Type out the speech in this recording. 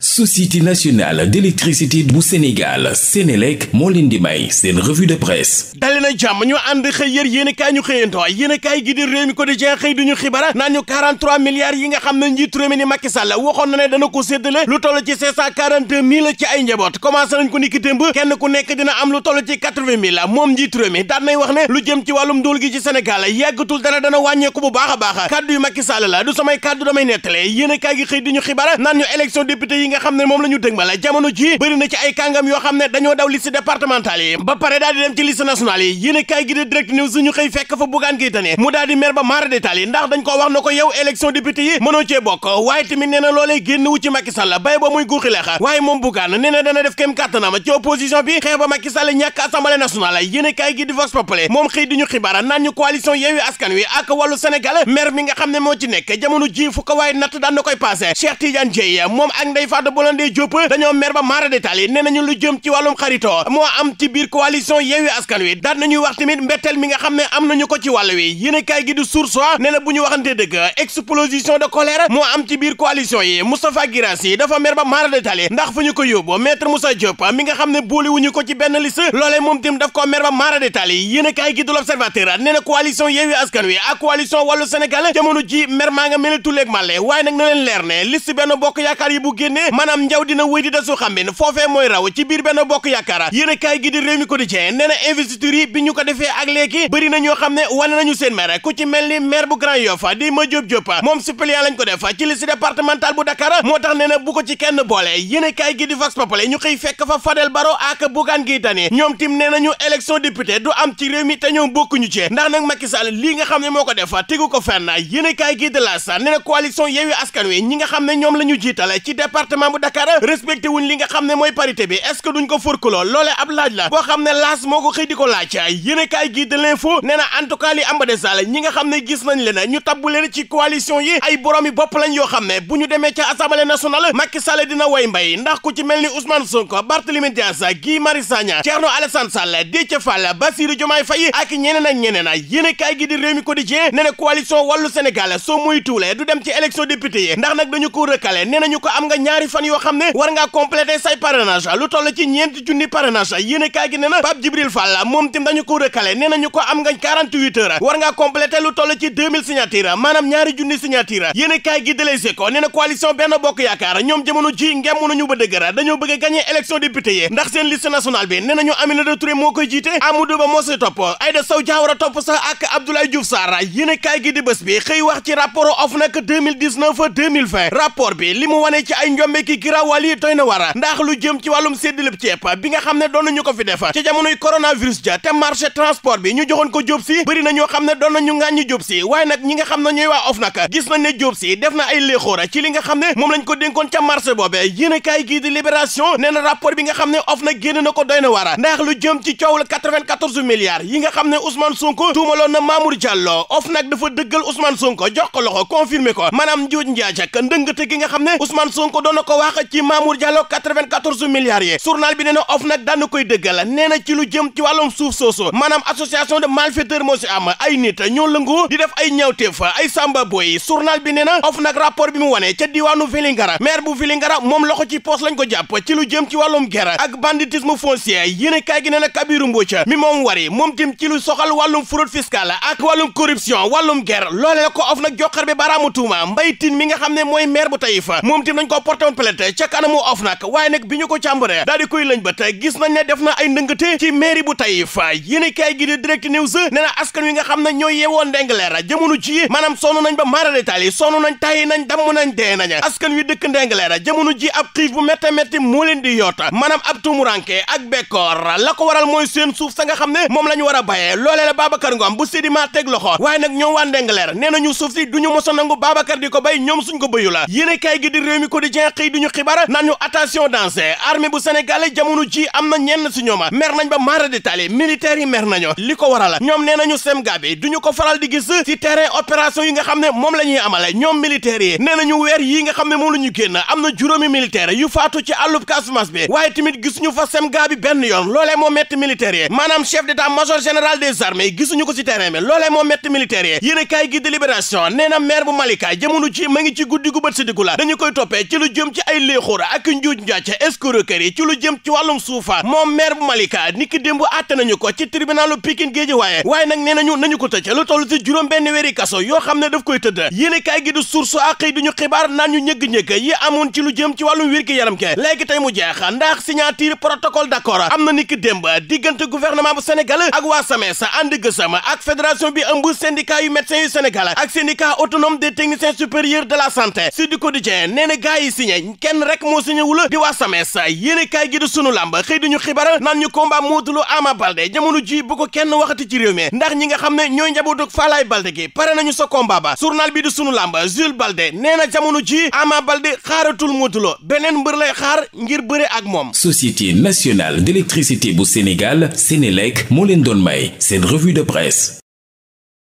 société nationale d'électricité bu Sénégal Sénélec moo leen di may seen revue de presse dali jàmm ñu ànd xëy yër yéen ñu xëyantoo yéen i gi di réew mi quotidien xëy duñu xibara naan ñu milliards yi nga xam ne njiit réew ni Macky Sall waxoon na ne dana ko séddale lu toll ci ci ay njaboot commencé nañ ko ni ki kenn ku nekk dina am lu toll ci 80 mille moom njiit réew mi wax ne lu jëm ci wàllum ndóol gi ci Sénégal yàggatul dara dana a baax kàddu yu Macky yi nga xam ne moom la ñu dëgmal ji bëri na ci ay kàngam yoo ne dañoo daw liste départementale yi ba pare daal dem ci liste nationale yi yéen a kaay gi de direct news xëy fekk fa buggaan ngay tane mu daal mer ba maara détail yi ndax dañ ko wax na ko yow élection yi mënoo cee bokk waaye tamit nee na loolee génn wu ci Macky Sall bay ba muy guuxi waaye moom buggaan nee dana def kéem kàttanam ci opposition bi xeex ba Macky Sall ñàkk a Wade Blondin Diop dañoo mer ba maara détail yi nee lu jëm ci wàllum xaritoo moo am ci biir coalition Yewwi Askan Wi daan nañuy wax tamit mi nga xam ne am nañu ko ci wàll wi yéen a kaay gi di Source A nee na bu ñu waxante dëgg explosion de colère moo am ci biir coalition yi Moustapha Guirassy dafa mer ba maara détail ndax fu ñu ko yóbbu maître Moussa Diop mi nga xam ne booli ko ci benn liste loolee moom tim daf ko mer ba maara détail yi yéen a kaay gi maanaam njaw dina wéy di desu xambin foofee mooy raw ci biir benn bokk yaakaar yéen a kaay gi réew mi quotidien nee na investiture yi bi ñu ko defee ak léegi bëri na xam ne wane nañu seen maire ku ci mel ni maire bu Grand Yoff di ma Jóob Jóob moom suppléant lañ ko def ci liste départementale bu Dakar moo tax nee bu ko ci kenn boole yéen a kaay gi di ñu xëy fekk fa Fadel Baro ak Bougane Guèye ñoom tim nee nañu élection député du am ci département bu Dakar respecté wu li nga xam ne mooy parité bi est ce que duñ ko forkuloo loolee ab laaj la boo xam ne laas moo ko xëy laaj yéen a kaay gii de l'info nee na en tout cas li amba de sall ñi nga ne gis nañ leen ñu tabbu leen ci coalition yi ay borom yi bopp lañ yoo xam ne bu ñu demee ca assemblée nationale Macky Sall dina way mbay ndax ku ci mel ni Ousmane Sonko Barthélémy Dias Guy Marius Sagna Thierno Alassane Sall Déthié Fall Bassirou Diomaye Faye a yéen a gi di Rewmi Quotidien nee na coalition wàllu Sénégal soo muy tuulee du dem ci élection député yi ndax nag dañu ko rëkkale nee nañu ko ay fan yoo xam ne war ngaa say parrainage lu toll ci ñeenti junni parrainage yéen a gi nee na Pape Djibril moom tim dañu ko recalé nee nañu ko am nga 48 heures war ngaa complété lu toll ci 2000 signature maanaam ñaari junni signature yéen a kaay gi délesé ko nee na benn bokk yaakaar ñoom jamono ji ngem nañu ba dëgër dañoo bëgg a gagné élection député yi ndax seen liste nationale bi nee nañu Aminata Touré moo koy jiite Amadou Ba moo ki giraaw wàll yi doy na war ndax lu jëm ci wàllum séddalib ceeb bi nga xam ne doon nañu ko fi def ci jamonoy coronavirus ja te marché transport bi ñu joxoon ko jóob si bëri na ñoo xam ne doon nañu ngàññi jóob si waaye nag ñi nga xam ne ñooy waa of nag gis nañ ne jóob si def na ay léexóora ci li nga xam ne moom lañ ko dénkoon ca marché boobe yéen a di libération nee na rapport bi nga xam ne of nag génn na ko doy na war ndax lu ko wax ci Mamour Diallo 94 milliards yi journal bi nee na OFNAC daan na koy dëggal nee na ci lu jëm ci wàllum suuf soosu maanaam association de malfaiteurs moo si am ay nit ñoo lëngu di def ay ñaawteef ay samba boy journal bi nee na nag rapport bi mu wane ca diwaanu Vélingara maire bu Vélingara moom loxo ci poos lañ ko jàpp ci lu jëm ci wàllum guerre ak banditisme foncier yéene kaay gi nee na Kabiru Mbodj mi moom wari moom tim ci lu soxal wàllum fraude fiscale ak wàllum corruption wàllum guerre loolee la ko OFNAC joxar bi baraamu tuuma Mbaye Tine mi nga xam ne mooy maire bu Taïf moom tim nañ ko porté complété ca kanamu OFNAC waaye nag bi ko càmbaree daal koy lañ ba tey gis nañ ne def na ay ndëngate ci mairie bu Taïf yéen kaay gi di direct news nee na askan wi nga xam ne ñooy yeewoo Ndingler jamono ji maanaam sonn ba mara détail yi sonn nañ tayi nañ damm nañ dee nañ askan wi dëkk Ndingler jamono ji ab xiif bu métte métti moo leen di yoota maanaam ab tumuranke ak bekkoor la ko waral mooy seen suuf sa nga xam ne moom la ñu war a bayee loolee la Babacar Ngom bu Sedima teg loxo a ko bay ñoom suñ xëy duñu xibaar naan nañ ba maara détaillé militaires yi mer nañu li ko waral ñoom nee nañu sem gabi duñu ko xam ne moom la ñuy amale ñoom militaires yi nee nañu weer yi nga xam ne moom la ñu génn am na juróomi militaire yu faatu ci àllub Casamance bi waaye tamit gisuñu fa sem gabi yoon loolee moo metti militaires yi maanaam chef d'état-major général des armées gisuñu ko ci terrain bi loolee moo metti militaires yi yéen a kaay gi délibération nee na maire bu Malika jamono ji ma ngi ci guddi gu bët si dañu koy toppee ci lu jëm jëm ci ay léexóora ak njuuj njaac escroquerie ci lu jëm ci wàllum suufa moom maire bu Malika niki démb àtte nañu ko ci tribunalu Pikine Guédiawaye waaye nag nee nañu nañu ko tëj lu toll ci juróom benn weeri kaso yoo xam ne daf koy tëdd yéene kaay gi du source ak xëy duñu xibaar naan ñu ñëgg yi amoon ci lu jëm ci wàllum wér gi yaram ke léegi tey mu jeex ndax signature protocole d'accord am na niki démb diggante gouvernement bu Sénégal ak waa SAMES ànd kenn rek moo signé wul di waa SAMES yéen kaay gi di sunu làmb xëy di ñu xibaar naan ñu combat Modou Lo Ama Baldé jamono ji bu ko kenn waxati ci réew mi ndax ñi nga xam ne ñooy njabootug Falaay Baldé gi pare nañu sa combat ba journal bi di sunu lamba Jules Baldé nee na jamono ji Ama Baldé xaaratul Modou Lo beneen mbër lay xaar ngir bëre ak moom. Société nationale d'électricité bu Sénégal Sénélec moo leen doon may seen revue de presse.